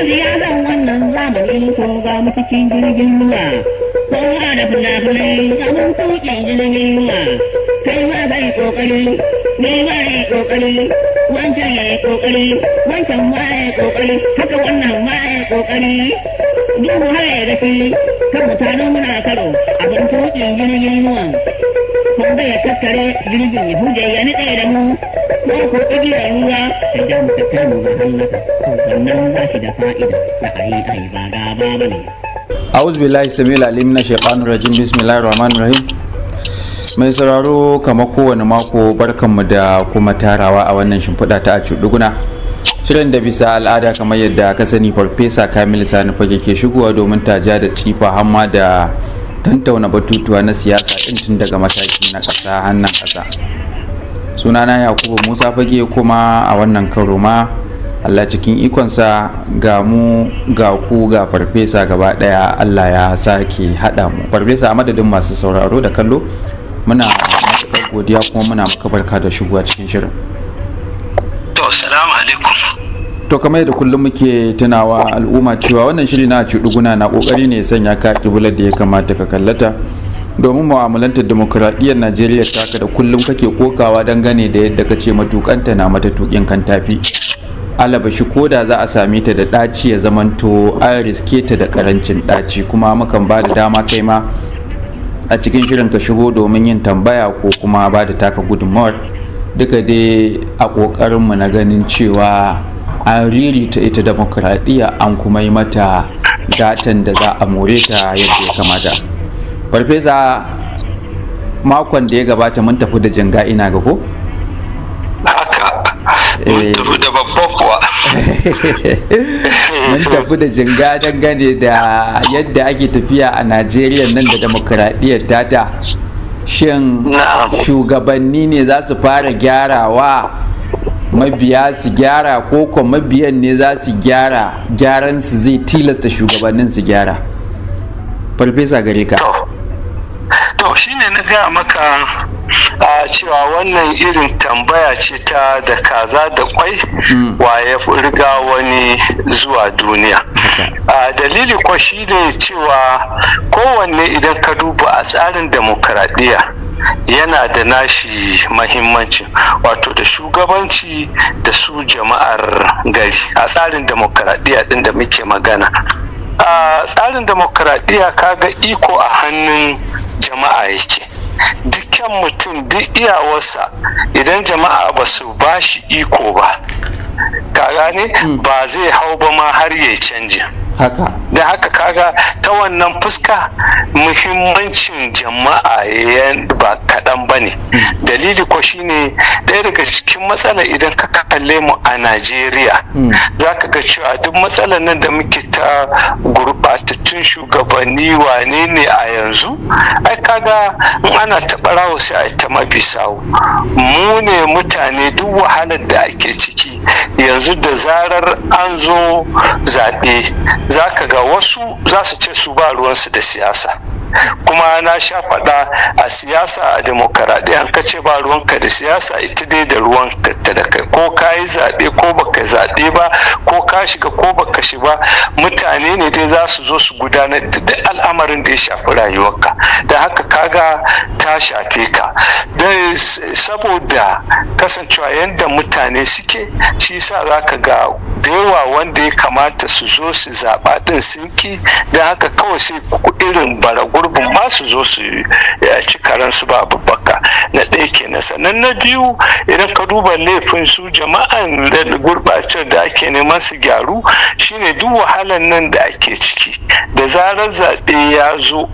siyasar wannan zamani ko ga mu cikin jirgin ruwa ko ba da fina-finai abin tuƙin jirgin ruwa kai ma zai ƙoƙari ne ma ya ƙoƙari wancan ya yi ƙoƙari wancan ma ya ƙoƙari haka wannan ma ya yi ƙoƙari duk har ya dafi kan mutanen muna karo abin tuƙin jirgin ruwa kun zai tattare jirgin huje ya nade da mu ba ku igiyar ruwa ta jan fitar mu ga hallaka sannan ba shi da fa'ida da ayi ayi ba ga ba ne أعوذ بالله السميع العليم من الشيطان الرجيم بسم الله الرحمن الرحيم mai sauraro kamar kowane mako barkanmu da kuma tarawa a wannan shimfiɗa ta duguna shirin da bisa al'ada kamar yadda ka sani farfesa kamil sani fage ke shigowa domin ta ja da cifa hamma da tantauna batutuwa na siyasa ɗin tun daga mataki na ƙasa hannun ƙasa sunana yakubu musa fage kuma a wannan karo ma allah cikin ikonsa ga mu ga ku ga farfesa gaba ɗaya allah ya sake haɗa mu farfesa a madadin masu sauraro da kallo muna matuƙar godiya kuma muna muka barka da shigowa cikin shirin to salamu alaikum to kamar da kullum muke tunawa al'umma cewa wannan shiri na cuɗuguna na ƙoƙari ne sanya ka ƙibular da ya kamata ka kallata domin mu'amalantar demokuraɗiyyar najeriya taka da kullum kake kokawa gane da yadda ka ce matukanta na mata tukin kan tafi alaba shi ko da za a same ta da ɗaci ya zamanto an riske ta da ƙarancin ɗaci kuma mukan ba da dama kai ma a cikin shirin ka shigo domin yin tambaya ko kuma ba da taka gudunmawar duka dai a ƙoƙarinmu na ganin cewa an ririta ita demokradiyya an kuma yi mata datan da za a more ta yadda ya kamata farfesa makon da ya gabata mun tafi da jinga ina ga ko eh. mun tafi da mun da jinga dangane da yadda ake tafiya a najeriya nan da demokuraɗiyyar tata shin shugabanni ne za su fara gyarawa mabiya su gyara ko kuma mabiyan ne za su gyara gyaran su zai tilasta shugabannin su gyara farfesa gare ka to shine na gaya maka a cewa wannan irin tambaya ce ta da kaza da kwai hmm. wa riga wani zuwa duniya a dalili kwa shine cewa kowanne idan ka duba a tsarin demokaradiyya yana da nashi mahimmanci wato da shugabanci da su jama'ar gari a tsarin demokaradiyya din da muke magana a tsarin demokaradiyya kaga iko a hannun jama'a yake dukkan mutum duk iyawarsa idan jama'a ba su ba shi iko ba ka ne hmm. ba zai hau ba ma har ya canji. da haka kaga ta wannan fuska muhimmancin jama'a ba kaɗan ba ne mm. dalili ko ne ɗaya daga cikin matsala idan ka kalle mu a najeriya mm. za ka ga cewa duk matsalar nan da muke ta gurɓatattun shugabanni wane ne a yanzu ai kaga in ana taɓa rawo sai a ta sawu mu ne mutane duk wahalar da ake ciki yanzu da zarar an zo zaɓe za ka ga wasu za su ce su ba ruwansu da siyasa kuma na sha faɗa a siyasa a demokaradiyya ka ce ba ruwanka da siyasa ita dai da ruwanka ta da kai ko ka yi zaɓe ko baka zaɓe ba ko ka shiga ko baka shi ba mutane ne dai za su zo su gudanar da duk al'amarin da ya shafi rayuwarka da haka kaga ta shafe ka saboda kasancewa yadda mutane suke shi sa za ka ga da yawa wanda ya kamata su zo su zaɓa ɗin sun ki don haka kawai sai irin bara gurbin ma su zo su eh, ci karansu ba babbaka na ɗaya kenan sannan na biyu idan ka duba laifin su jama'an da gurɓacin da ake neman su gyaru shine duk wahalan nan da ake ciki da zarar zaɓe ya zo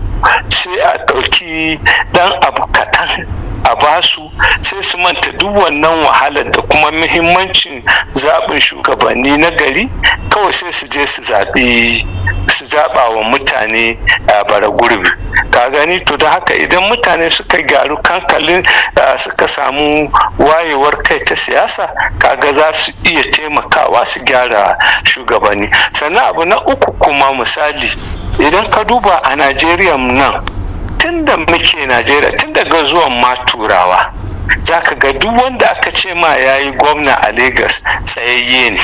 sai a ɗauki ɗan abu kaɗan a basu sai su manta duk wannan wahalar da kuma muhimmancin zaɓin shugabanni na gari kawai sai su je su zaɓi su zaɓa wa mutane a bara gurbi ka gani to da haka idan mutane suka gyaru kankalin suka samu wayewar kai ta siyasa kaga za su iya taimakawa su gyara shugabanni sannan abu na uku kuma misali idan ka duba a najeriya nan tun da muke najeriya tun daga zuwan ma turawa za ka ga duk wanda aka ce ma ya yi gwamna a Legas tsayayye ne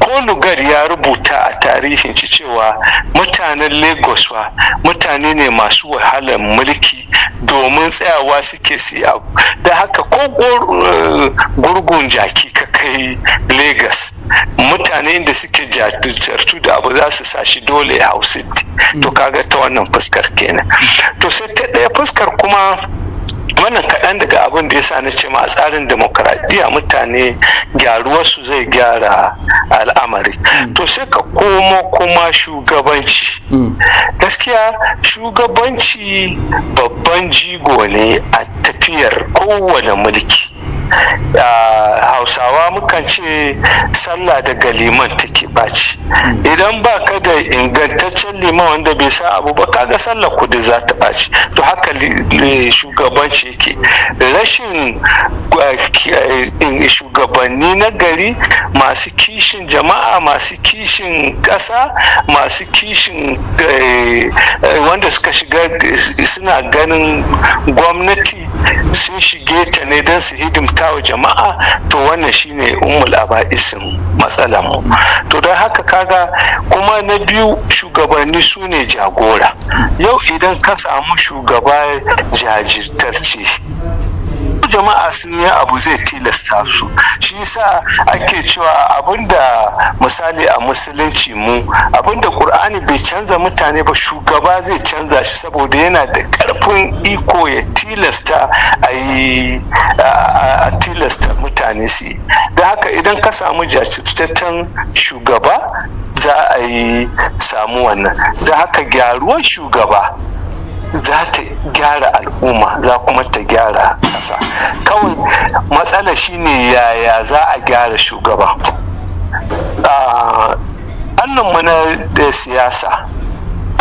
ko lugar ya rubuta a tarihin shi cewa mutanen lagos wa mutane ne masu wahalar mulki domin tsayawa suke siya da haka ko eh, gurgun jaki ka kai lagos mutane da suke jartu da abu za su sashi dole hausa to mm. kaga ta wannan fuskar kenan to sai ta ɗaya fuskar kuma wannan kaɗan daga abin da ya sa na ce ma tsarin demokradiyya mutane gyaruwarsu zai gyara al'amari hmm. to sai ka komo kuma shugabanci hmm. gaskiya shugabanci babban jigo ne a tafiyar kowane mulki a hausawa mukan ce sallah daga liman take ɓaci idan ba ka da ingantaccen liman wanda bai sa abu ba kaga sallah kudi za ta ɓaci to haka shugabanci yake rashin eh, shugabanni na gari masu kishin jama'a masu kishin ƙasa masu kishin eh, eh, wanda suka shiga suna ganin gwamnati sun shige ta ne don su hidimta wa jama'a to wannan shine ummul aba'isin matsalar mu to don haka kaga kuma na biyu shugabanni su ne jagora yau idan ka samu shugaba jajirtarce jama'a sun yi abu zai tilasta su shi yasa ake cewa abinda misali a musulunci mu abinda qur'ani bai canza mutane ba shugaba zai canza shi saboda yana da karfin iko ya tilasta a yi a tilasta mutane su da haka idan ka samu jajirtattun shugaba za a yi samu wannan da haka gyaruwar shugaba za ta gyara al'umma za kuma ta gyara ƙasa kawai matsala shine yaya za a gyara shugaba mu mana da siyasa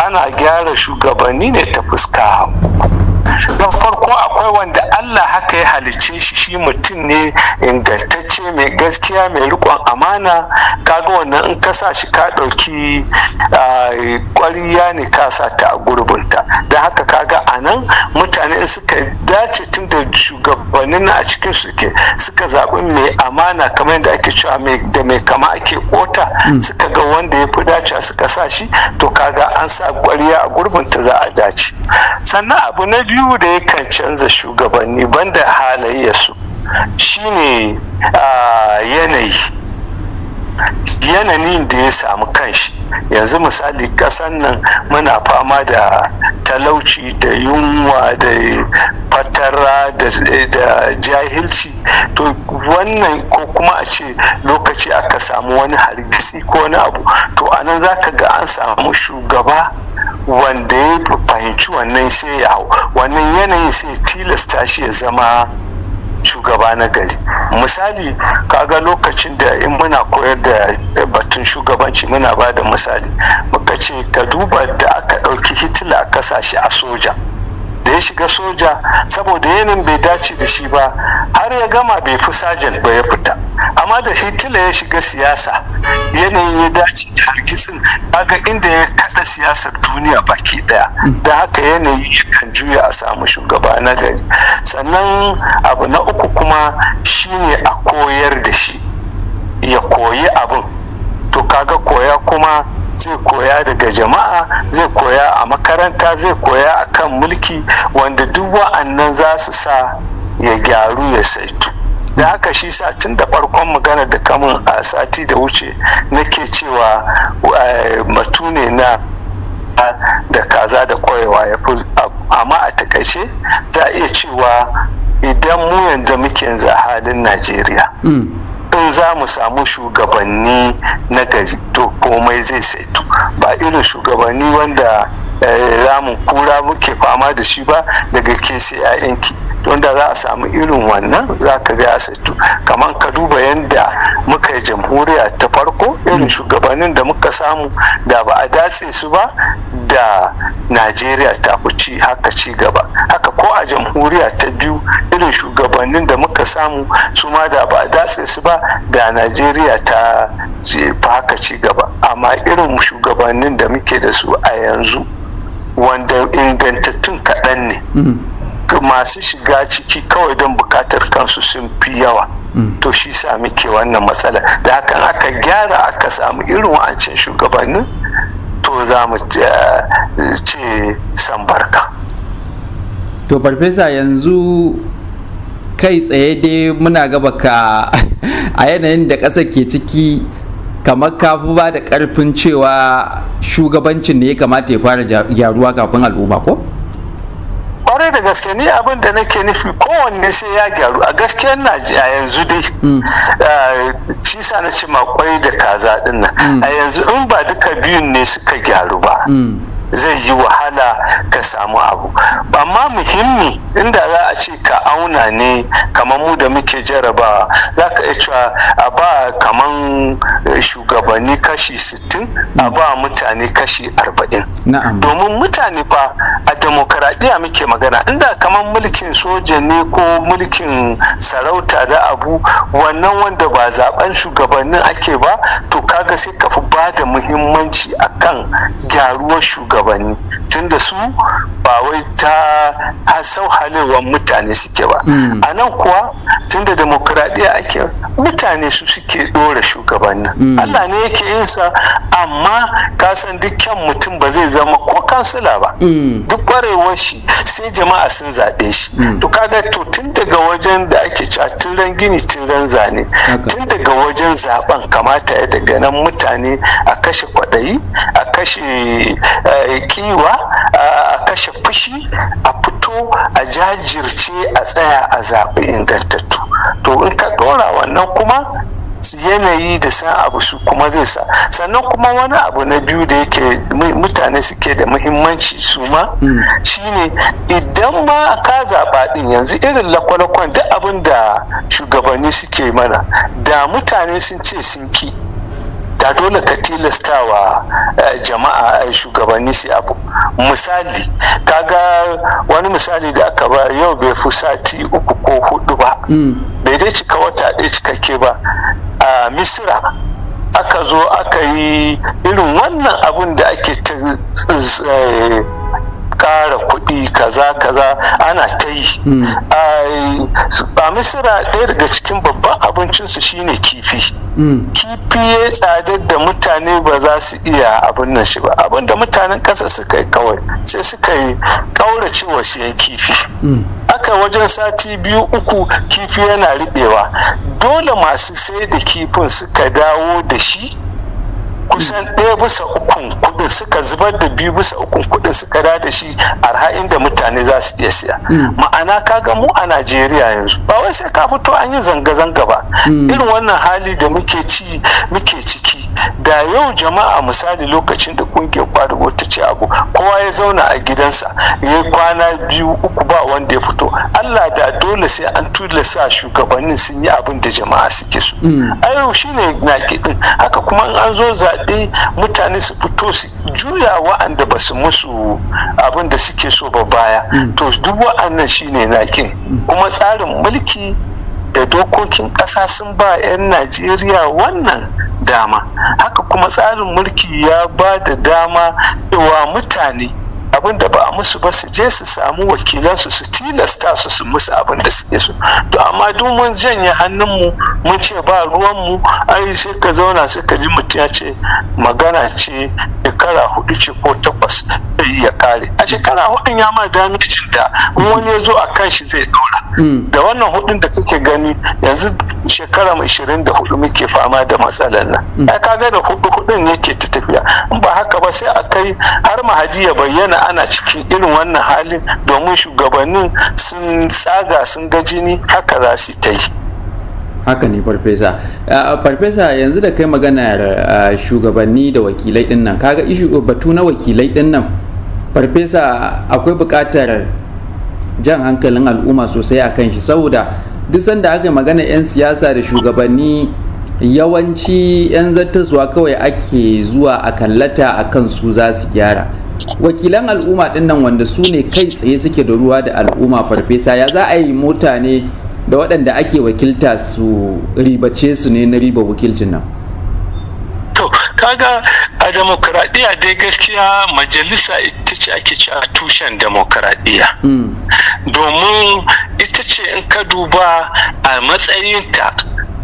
ana gyara shugabanni ne ta fuska don farko akwai wanda Allah haka ya halicce shi shi mutum ne ingantacce mai gaskiya mai rikon amana kaga wannan in ka sa shi ka ɗauki ƙwariya ne ka sa ta a gurbinta don haka kaga a nan mutane in suka dace tun da shugabannin a cikin suke suka zaɓi mai amana kamar yadda ake cewa da mai kama ake kota hmm. suka ga wanda ya fi dace suka sa shi to kaga an sa ƙwariya a gurbinta za a dace sannan abu na biyu biyu da yakan canza shugabanni banda halayyarsu shine yanayi yanayin da ya samu kanshi yanzu misali kasan nan muna fama da talauci da yunwa da fatara da jahilci to wannan ko kuma a ce lokaci aka samu wani hargisi ko wani abu to anan za ka ga an samu shugaba wanda ya fahimci wannan sai ya hau wannan yanayin sai tilasta shi ya zama shugaba na gari misali kaga lokacin da in muna koyar da batun shugabanci muna ba da misali muka ce ka duba da aka ɗauki hitler a kasashe a soja da ya shiga soja saboda yanin bai dace da shi ba har ya gama bai fi sajan ba ya fita amma da shi tila ya shiga siyasa yanayin ya dace da hargitsin kaga inda ya kada siyasar duniya baki daya da haka yanayi kan juya a samu shugaba na gari sannan abu na uku kuma shine a koyar da shi ya koyi abin to kaga koya kuma zai koya daga jama'a zai koya a makaranta zai koya a kan mulki wanda duk wa'annan za su sa ya gyaru ya saitu da haka shi sa tun da farkon magana da kamun a sati da wuce nake cewa matune eh, na da kaza da koyewa ya fi amma a takaice za a iya cewa idan mu yanzu muke yanzu a halin najeriya mm. in za mu samu shugabanni na gari to komai zai saitu ba irin shugabanni wanda eh, ramin kura muke fama da shi ba daga kese 'ya'yanki Wanda za a samu irin wannan za ka ga asatu kamar ka duba yadda muka yi jamhuriya ta farko irin shugabannin da muka samu da ba a datse su ba da najeriya ta ci haka ci gaba haka ko a jamhuriya ta biyu irin shugabannin da muka samu su ma da ba a datse su ba da najeriya ta haka ci gaba amma irin shugabannin da muke da su a yanzu wanda ingantattun kaɗan ne mm-hmm. ga masu shiga ciki kawai don bukatar kansu sun fi yawa mm. to shi sami ke wannan matsala da hakan aka gyara aka samu irin wa'ancin shugabannin to za mu eh, ce sambarka to farfesa yanzu kai tsaye dai muna gaba ka a yanayin da ƙasa ke ciki kamar kafu ba da ƙarfin cewa shugabancin ne ya kamata ya fara gyaruwa kafin al'umma ko? kwarai da gaske ni abin da nake nufi kowanne sai ya gyaru a gaske na a yanzu dai mm. eh, shi sa na ce makwai da kaza din mm. a yanzu in ba duka biyun ne suka gyaru ba mm. zai yi wahala ka samu abu amma muhimmi inda za a ce ka auna ne kamar mu da muke jarabawa za ka cewa a ba kamar shugabanni kashi 60 a mm. ba mutane kashi 40 domin mutane fa a demokaradiyya muke magana inda kamar mulkin soja ne ko mulkin sarauta da abu wannan wanda ba zaben shugabannin ake ba to kaga sai ka fi ba da muhimmanci akan gyaruwar shugabanni shugabanni tunda su ba wai ta hasau halewar mutane suke ba hmm. a nan kuwa tunda demokradiyya ake mutane su suke ɗora shugabanni. Hmm. Allah ne yake yin sa amma kasan dukkan mutum ba zai zama ko kansila ba hmm. duk ƙwarewar shi sai jama'a sun zaɓe shi to kaga to tun daga wajen da ake cewa tun ran gini tun ran zane tun daga wajen zaben kamata ya daga nan mutane a kashe kwaɗayi a kashe eh, kiwa a kashe fushi a fito a jajirce a tsaya a zaɓi ingantattu to in ka ɗora wannan kuma yanayi da san abu su kuma zai sa sannan kuma wani abu na biyu da yake mutane suke da muhimmanci su ma hmm. shine idan ma ka zaɓa ɗin yanzu irin lakwalakwan duk abin da shugabanni suke mana da mutane sun ce sun ki da dole ka tilastawa eh, jama'a eh, shugabanni su abu misali kaga wani misali da aka ba yau bai fi sati uku ko hudu ba mm. bai dai cika wata ɗaya cikakke ba a misira aka zo aka yi irin wannan abun da ake ta eh, Kara kuɗi kaza kaza ana ta yi hmm. a misira ɗaya daga cikin babban abincinsu shine kifi hmm. kifi ya tsadar da mutane ba za su iya abin nan shi ba abin da mutanen ƙasa suka yi kawai sai suka yi ƙaurace wa siyan kifi hmm. aka wajen sati biyu uku kifi yana riɓewa dole masu sai da kifin suka dawo da shi kusan ɗaya bisa ukun kuɗin suka zubar da biyu bisa uku kuɗin suka da da shi arha inda mutane za su iya siya mm. ma'ana ka ga mu a najeriya yanzu ba wai sai ka fito an yi zanga-zanga ba mm. irin wannan hali da muke ci muke ciki da yau jama'a misali lokacin da kungiyar kwadugo ta ce abu kowa ya zauna a gidansa ya kwana biyu uku ba wanda ya fito allah da dole sai an tulasa shugabannin sun yi abin da jama'a suke so mm. ayo shine na ɗin haka kuma an zo zaɓe mutane su fito su juya wa'anda ba su musu abin da suke so ba baya mm. to duk wa'annan shine nakin mm. kuma tsarin mulki da dokokin ƙasa sun ba 'yan najeriya wannan dama haka kuma tsarin mulki ya ba da dama cewa mutane abin da ba a musu ba su je su samu wakilansu su tilasta su su musu abin da suke so to amma duk mun janye hannunmu mun ce ba ruwanmu ai sai ka zauna sai ka ji mutum ya ce magana ce shekara hudu ce ko takwas zai ya kare a shekara hudu ya ma damicin da wani ya zo a kan shi zai dora hmm. da wannan hudun da kake gani yanzu shekara 24 muke fama da matsalar nan ya mm. kaga da hudu hudun ke ta tafiya in ba haka ba sai a kai har mahaji ya bayyana ana cikin irin wannan halin domin shugabannin sun tsaga sun ga jini haka za su ta yi haka ne farfesa farfesa yanzu da kai maganar shugabanni da wakilai din nan kaga ishu batu na wakilai din nan farfesa akwai bukatar jan hankalin al'umma sosai a kan shi saboda duk sanda aka magana 'yan siyasa da shugabanni yawanci 'yan zattaswa kawai ake zuwa a kallata a kan su za su gyara wakilan al'umma dinnan wanda su ne kai tsaye suke da ruwa da al'umma farfesa ya za a yi mota ne da waɗanda ake wakilta su ribace su ne na riba wakilcin nan to a demokradiyya dai gaskiya majalisa ita ce ake ci tushen demokradiyya hmm. domin ita ce in ka duba a matsayinta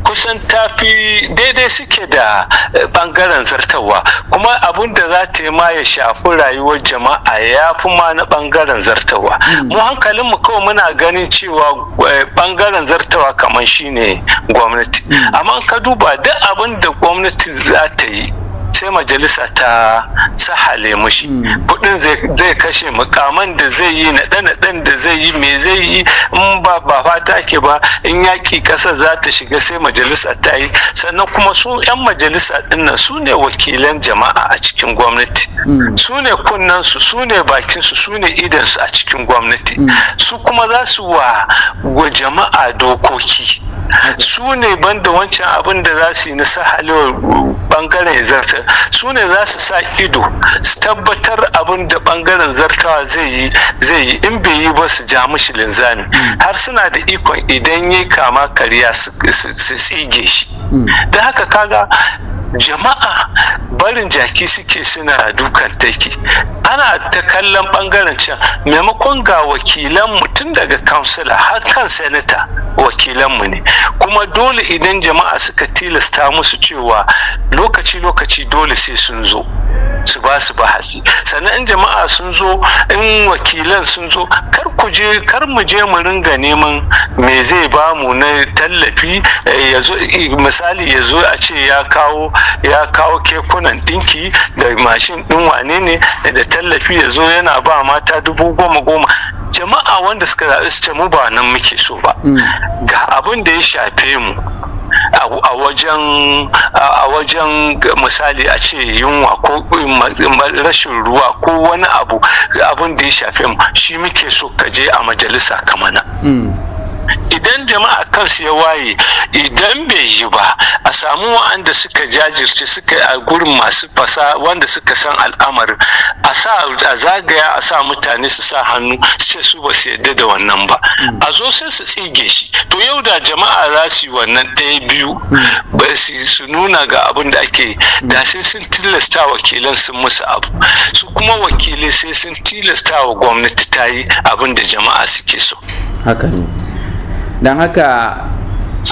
kusan tafi daidai suke da bangaren eh, zartawa kuma abun da za ta yi ma ya shafi rayuwar jama'a ya fi ma na bangaren zartawa hmm. mu hankalinmu kawai muna ganin cewa bangaren eh, zartawa kamar shine gwamnati hmm. amma ka duba duk abin da gwamnati za ta yi sai majalisa ta sahale mushi hmm. kudin zai kashe mukaman da zai yi na dan dan da zai yi me zai yi in ba ba fata ke ba in yaki ƙasa za ta shiga sai majalisa ta yi sannan kuma su 'yan majalisa dinnan su ne wakilan jama'a a cikin gwamnati hmm. su ne kunnan su su ne bakin su su ne su a cikin gwamnati hmm. su kuma za su wa wa jama'a dokoki su ne banda wancan abin da za su yi na sahalewar bangaren zartar su ne za su sa ido su tabbatar abin da bangaren zartawa zai yi zai yi in bai yi ba su ja mishi linzami hmm. har suna da ikon idan ya kama kariya su tsige shi hmm. da haka kaga jama'a barin jaki suke suna dukan taki ana ta kallon bangaren can maimakon ga wakilan mutum daga kansila har kan senata mu ne kuma dole idan jama'a suka tilasta musu cewa lokaci-lokaci dole sai sun zo su ba su bahasi sannan in jama'a sun zo in wakilan sun zo kar ku je kar mu je mu ringa neman me zai ba mu na tallafi eh, misali ya zo a ce ya kawo ya kawo kekunan dinki da mashin din wane ne da tallafi ya zo yana ba mata dubu goma goma jama'a wanda suka zaɓi su ce mu ba nan muke so ba mm. ga abin da ya shafe mu a wajen a wajen misali a ce yunwa ko rashin ruwa ko wani abu abin da ya shafe mu shi muke so ka je a majalisa kamana. Hmm. idan jama'a kansu ya waye idan bai yi ba a samu wa'anda suka jajirce suka a gurin masu fasa wanda suka san al'amarin a sa a zagaya a sa mutane su sa hannu su ce su ba su yadda da wannan ba a zo sai su tsige shi to yau da jama'a za su yi wannan ɗaya biyu ba su nuna ga abin da ake da sai sun tilasta wakilan sun musu abu su kuma wakilai sai sun tilasta wa gwamnati ta yi abin da jama'a suke so haka ne don haka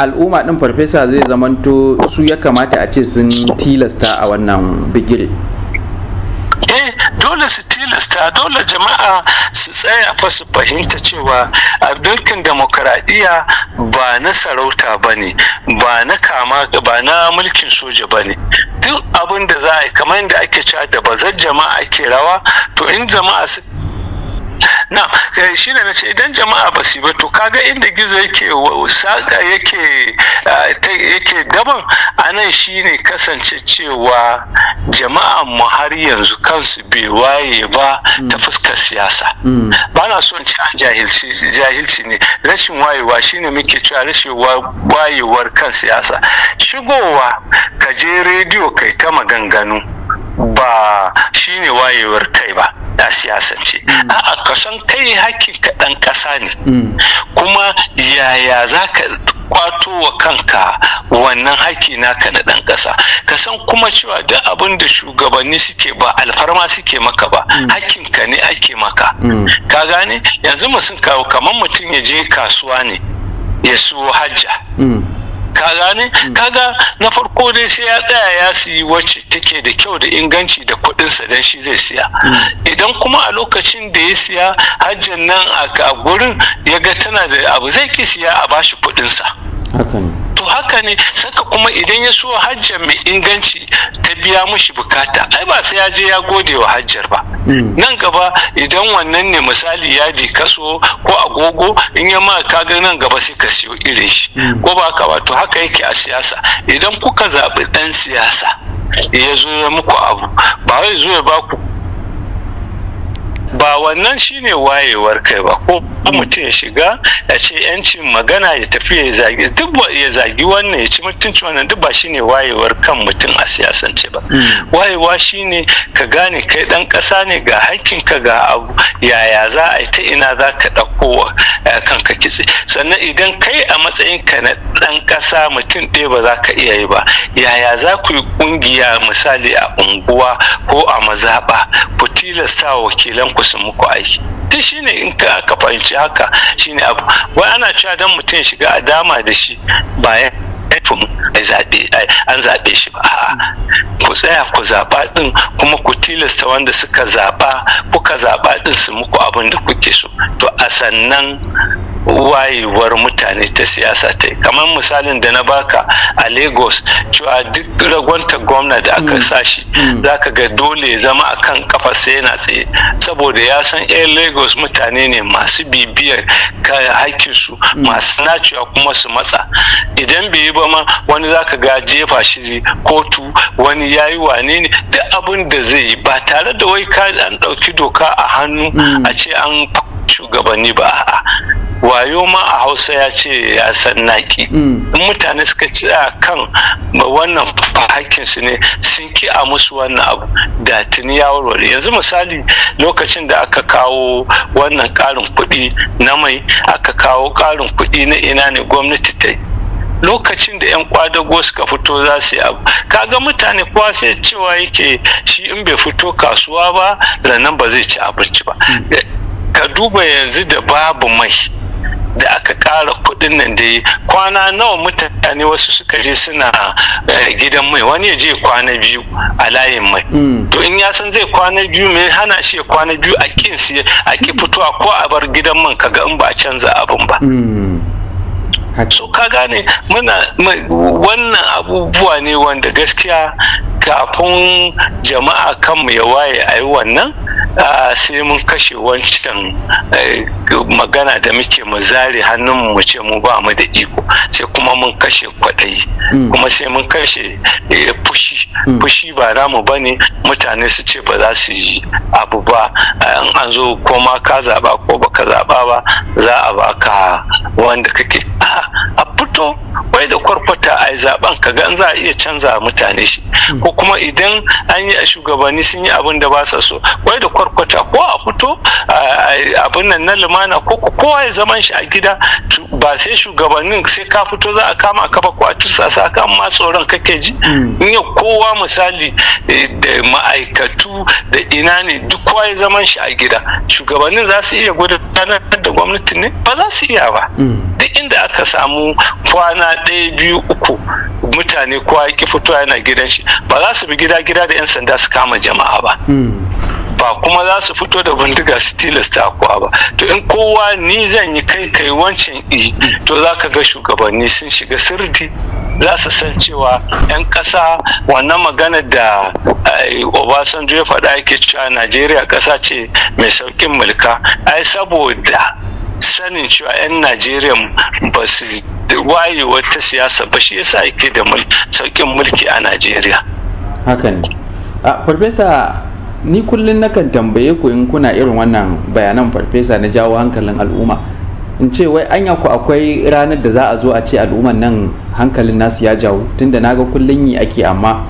al'umma din farfesa zai zamanto su ya kamata a ce sun tilasta a wannan bigire eh dole su tilasta dole jama'a su tsaya fa su fahimta cewa a dukkan demokaradiyya ba na sarauta ba ne ba na kama ba na mulkin soja ba ne duk abinda da za a yi kamar yadda ake cewa da bazar jama'a ke rawa to in jama'a su na eh, shi ne ce idan jama'a ba su ba to kaga inda gizo yake saƙa yake yake daban a nan shi ne kasance cewa jama'a mu har yanzu kansu bai waye ba ta mm. fuskar siyasa mm. ba na son ci a jahilci ne rashin wayewa shi ne muke cewa rashin wayewar kan siyasa shigowa ka je rediyo kai ta maganganu ba shi ne wayewar kai ba a siyasance mm. a'a ka kai hakkin ka dan ƙasa ne mm. kuma yaya za ka kwato wa kanka wannan haƙƙi naka na ɗan ƙasa ka san kuma cewa duk abin da shugabanni suke ba alfarma suke maka ba mm. hakkin ka ne ake maka ka gane yanzu mu kawo kamar mutum ya je kasuwa ne ya siyo hajja ka gane mm. kaga na farko dai sai ya tsaya ya siyi wacce take da kyau da inganci da kuɗinsa sa dan shi zai siya mm. idan kuma a lokacin da ya siya hajjan nan a gurin ya ga tana da abu zai ki siya a bashi kuɗinsa. sa to haka ne saka kuma idan ya so hajjar mai inganci ta biya mushi bukata ai ba sai ya je ya gode wa hajjar ba hmm. nan gaba idan wannan ne misali yaji kaso ko agogo in ya ma ga nan gaba sai ka siyo irin shi hmm. ko ba ka wato haka yake a siyasa idan kuka zaɓi ɗan siyasa ya zo ya muku abu ba wai zo ya baku ba wannan shine wayewar kai ba ko mutum ya shiga ya ce yancin magana ya tafi ya zagi duk ya zagi wannan ya ci mutunci wannan duk ba shine wayewar kan mutum a siyasance ba hmm. wayewa shine ka gane kai dan ƙasa ne ga hakkinka ga abu yaya za a yi ta ina za ka ɗauko kanka kitse sannan idan kai a matsayinka na ɗan ƙasa mutum ɗaya ba za ka iya yi ba yaya za ku yi ƙungiya misali a unguwa ko a mazaɓa ku tilasta wakilan ku su muku aiki shi ne in ka fahimci haka shine abu wai ana cewa don mutum shiga a dama da shi bayan kafin an zaɓe shi ba ku tsaya ku zaɓa ɗin kuma ku tilasta wanda suka zaɓa kuka zaɓa ɗin su muku abin da kuke so to a sannan wayewar mutane ta siyasa ta kamar misalin da na baka a lagos cewa duk ragonta gwamna da aka mm. sa shi, mm. za ka ga dole zama a kan kafa sai yana tsaye saboda ya san yan lagos mutane ne masu bibiyar haƙƙin su mm. masu nacewa kuma su matsa idan bai yi ba ma wani ka ga jefa shi kotu wani ya yi wane ne duk abin da zai yi ba tare da wai ka an ɗauki doka a hannu a ce an shugabanni ba aa wayo ma a hausa ya ce ya san naki mm. in mutane suka ci a kan wannan su ne sun ki a musu wannan abu da tuni ya warware yanzu misali lokacin da aka kawo wannan karin kuɗi na mai aka kawo karin kuɗi na ina ne gwamnati ta lokacin da 'yan kwadago suka fito za su yi abu kaga mutane kuwa sai cewa yake shi in bai fito kasuwa ba ranar ba zai ci abinci ba mm. ka duba yanzu da babu mai da aka ƙara kuɗin nan da kwana nawa mutane wasu suka je suna eh, gidan mai wani ya je kwana biyu a layin mai hmm. to in ya san zai kwana biyu mai hana shi ya kwana biyu a kin a ki fitowa ko a bar gidan man kaga in ba a canza abin ba hmm. so ka gane muna wannan abubuwa ne wanda gaskiya kafin jama'a kanmu ya waye a yi wannan sai mun kashe wancan eh, magana da muke mu zare hannun mu ce mu ba mu da iko sai kuma mun kashe kwaɗayi hmm. kuma sai mun kashe eh, fushi hmm. fushi ba namu ba ne mutane su ce ba za su yi abu ba eh, an zo ko ma ka zaɓa ko ba ka zaɓa ba za a baka wanda kake to wai da kwarkwata a zaben kaga an za a iya canza mutane shi hmm. ko kuma idan an yi a shugabanni sun yi abin da ba sa so wai da kwarkwata ko a fito abin nan na lumana ko kowa ya zaman shi a gida ba sai shugabannin sai ka fito za a kama ka ba ko a tursasa ka amma tsoron kake ji hmm. in ya kowa misali eh, da ma'aikatu da ina ne duk kowa ya zaman shi a gida shugabannin za su iya gudanar da gwamnati ne ba za su iya ba hmm. duk inda aka samu kwana ɗaya biyu uku mutane kowa ya ki fito yana gidan shi ba za su bi gida gida da 'yan sanda su kama jama'a ba hmm. ba kuma za su fito da bindiga su tilasta kowa ba to in kowa ni zan yi kai kai wancan i to za ka ga shugabanni sun shiga sirdi za su san cewa 'yan ƙasa wannan magana da obasanjo ya faɗa yake cewa najeriya ƙasa ce mai sauƙin mulka ai saboda sanin cewa 'yan najeriya ba su wayewar ta siyasa ba shi yasa yake da saukin mulki a najeriya haka ne a farfesa ni kullum nakan tambaye ku in kuna irin wannan bayanan farfesa na jawo hankalin al'umma in ce wai anya ku akwai ranar da za a zo a ce al'umman nan hankalin nasu ya jawo tunda naga kullum yi ake amma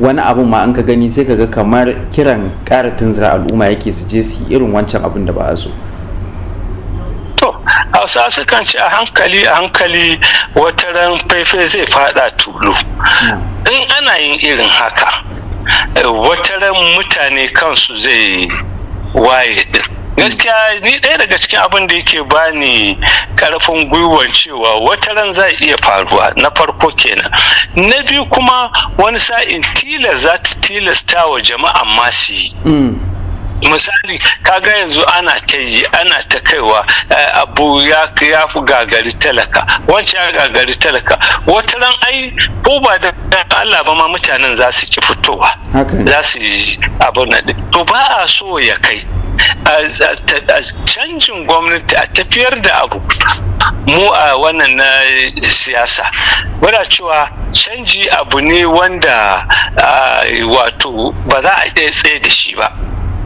wani abun ma an ka gani sai ka ga kamar kiran ƙara tunzura al'umma yake su je su irin wancan abin da ba a so hausa sukan ci a hankali a hankali wataran faifai zai fada tulu hmm. in ana yin irin haka wata ran mutane kansu zai waye din hmm. gaskiya ni ɗaya daga cikin abin da yake bani karfin gwiwar cewa wata ran zai iya faruwa na farko kenan na biyu kuma wani sa'in tilas za ta tilasta wa jama'a masu yi hmm. misali ka ga yanzu ana ta yi ana ta kaiwa eh, abu ya fi gagari talaka wancan ya gagari talaka wata ran ai ko ba da Allah ba ma mutanen za su ki fitowa za su ji abin to ba a so ya kai a canjin gwamnati a tafiyar da abu mu a wannan na siyasa wadda cewa canji abu ne wanda wato ba za a tsaye da shi ba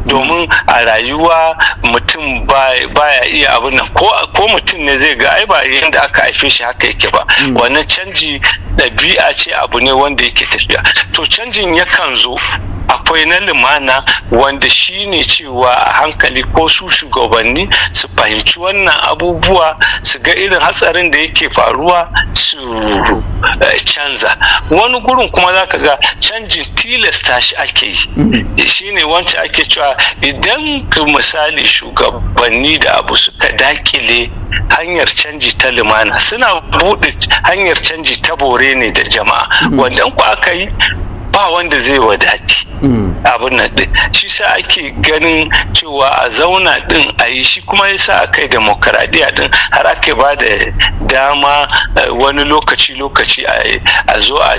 domin a rayuwa mutum baya iya abin nan ko mutum ne zai ga ai ba yadda aka haife shi haka yake ba mm. wannan canji ɗabi'a ce abu ne wanda yake tafiya to canjin yakan zo akwai na lumana wanda shi ne cewa a hankali ko su shugabanni su fahimci wannan abubuwa su ga irin hatsarin da yake faruwa su eh, canza wani gurin kuma za ka ga canjin tilasta shi ake yi mm. shi ne wancan ake cewa idan misali shugabanni da abu suka dakile hanyar canji ta lumana suna buɗe hanyar canji ta bore ne da jama'a mm. wanda ku aka yi ba wanda zai wadati hmm. abin nan din shi sa ake ganin cewa a zauna din a yi shi kuma yasa a kai demokaradiyya din har aka ba da dama eh, wani lokaci-lokaci a zo a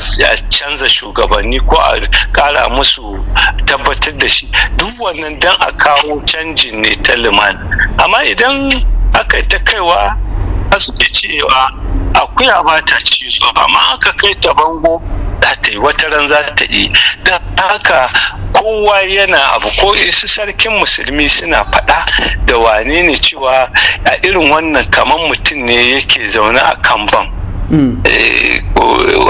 canza shugabanni ko a kara musu tabbatar da shi duk wannan don a kawo canjin ne ta liman amma idan aka ta kaiwa asibiti cewa akuya ba ta cizo amma aka kai ta bango za ta yi wata ran za ta yi don haka kowa yana abu ko su sarkin musulmi suna faɗa da wane ne cewa a irin wannan kamar mutum ne yake zaune a kan ban Eh,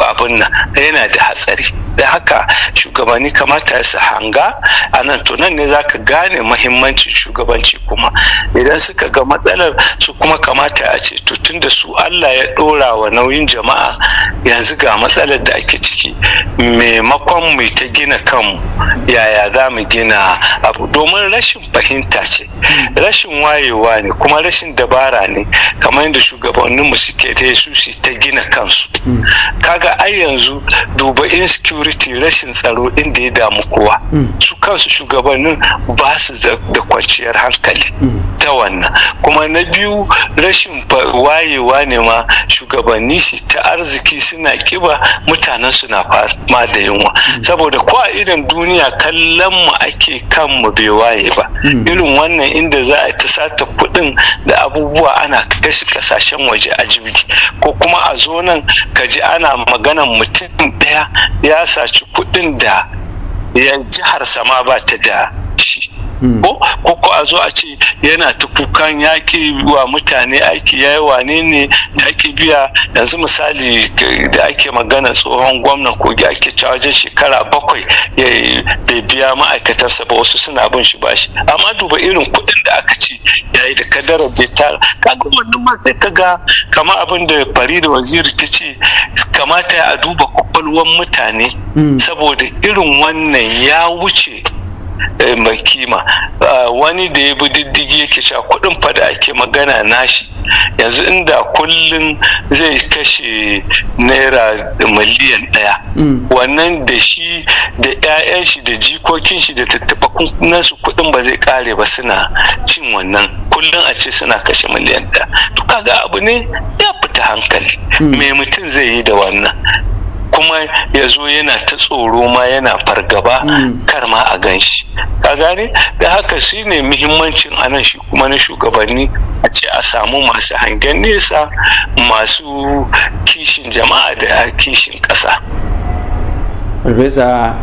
abin nan yana da hatsari da haka shugabanni kamata su hanga a nan to nan ne za ka gane mahimmancin shugabanci kuma idan suka ga matsalar su kuma kamata a ce to da su Allah ya ɗora wa nauyin jama'a yanzu ga matsalar da ake ciki maimakon mu ta gina kanmu yaya za mu gina abu domin rashin fahimta ce rashin wayewa ne kuma rashin dabara ne kamar yadda mu suke ta su ta gina kansu hmm. kaga ai yanzu duba insecurity rashin tsaro inda ya damu kowa hmm. su kansu shugabannin ba su da kwanciyar hankali hmm. ta wannan kuma na biyu rashin wayewa ne ma shugabanni su ta arziki suna kiba mutanen su fama da yunwa saboda ko a irin duniya kallon mu ake kan mu bai waye ba irin wannan inda za a ta sata kuɗin da abubuwa ana kashe kasashen waje a jirgi ko kuma a zo nan ka ji ana maganan mutum ɗaya ya saci kuɗin da ya jihar sama ba ta da shi Hmm. ko ko a zo a ce yana ta kukan wa mutane aiki yayi wane ne da ake biya yanzu misali da ake magana tsohon gwamnan kogi ake cewa wajen shekara bakwai eh, bai biya ma'aikatarsa ba wasu suna bin shi bashi amma duba irin kuɗin da aka ci yayi da kadarar da ta kaga wannan ma sai ka ga kama abin da farida waziri ta ce kamata a duba kwakwalwar mutane hmm. saboda irin wannan ya wuce Eh, mai kima ah, wani da ya bi diddigi yake sha kuɗin fada ake magana nashi yanzu inda kullum zai kashe naira miliyan ɗaya mm. wannan da shi da 'ya'yan shi da jikokin shi da tattafa nasu kuɗin ba zai kare ba suna cin wannan kullum a ce suna kashe miliyan ɗaya to kaga abu ne ya fita hankali mm. me mutum zai yi da wannan kuma ya zo yana ta tsoro ma yana fargaba mm. kar ma a gan shi ka gane da haka shi ne muhimmancin anan shi kuma na shugabanni a ce a samu masu hangen nesa masu kishin jama'a da kishin ƙasa Farfesa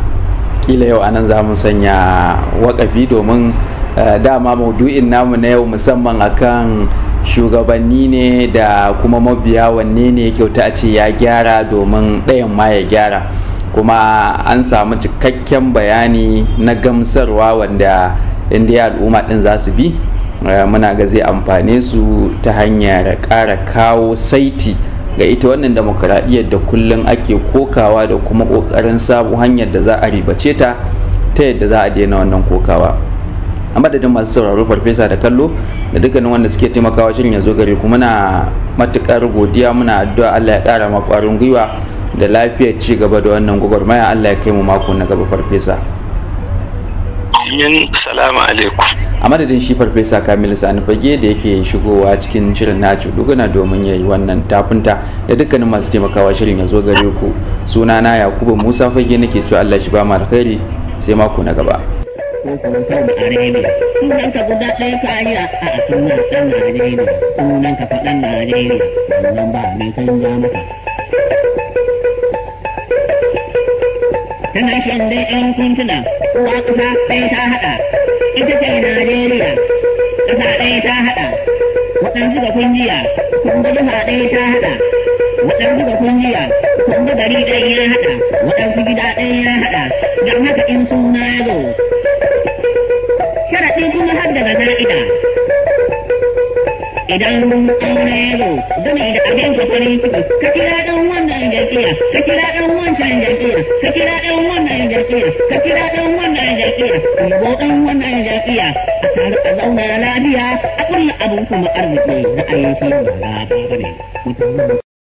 kila yau anan za mu sanya wakafi domin eh, dama maudu'in namu na yau musamman akan shugabanni ne da kuma mabiya wanne ne kyauta a ce ya gyara domin ɗayan ma ya gyara kuma an samu cikakken bayani na gamsarwa wanda indiya al'umma ɗin za su bi eh, muna ga zai amfane su ta hanyar ƙara kawo saiti ga ita wannan demokuraɗiyyar da kullum ake kokawa da kuma ƙoƙarin sabon hanyar da za a ribace ta ta yadda za a daina wannan kokawa. a madadin masu sauraro farfesa da kallo da dukkanin wanda suke taimakawa shirin ya zo gare ku muna matukar godiya muna addu'a Allah ya ƙara ma ƙwarin gwiwa da lafiyar ci gaba da wannan gwagwarmaya Allah ya kai mu mako na gaba farfesa amin salamu alaikum a madadin shi farfesa kamilu sani fage da yake shigowa cikin shirin na duguna domin ya yi wannan tafinta da dukkanin masu taimakawa shirin ya zo gare ku sunana yakubu musa fage nake cewa Allah shi ba mu alkhairi sai mako na gaba ko kuwa kawai ba a raina sunan ka guda ɗaya ka yi a a sunan ɗan Najeriya sunan ka faɗan Najeriya wannan ba mai canja maka. Tana shan dai ɗan kuntuna uwa kusa ɗaya ta haɗa ita ce Najeriya ƙasa ɗaya ta haɗa waɗansu ga kungiya kun ga jiha ɗaya ta haɗa waɗansu ga kungiya kun ga gari ɗaya ya haɗa waɗansu gida ɗaya ya haɗa don haka in suna ya zo sharaɗi kuma har da za'ida idan aure ya zo gami da abin kokarin kuɗi ka kira ɗan wannan jarkiya ka kira ɗan wancan jarkiya ka kira ɗan wannan jarkiya ka kira ɗan wannan ka yabo ɗan wannan jarkiya a tare a zauna lafiya a kulla abin kuma arziki ra'ayin shi ba ba ne mutum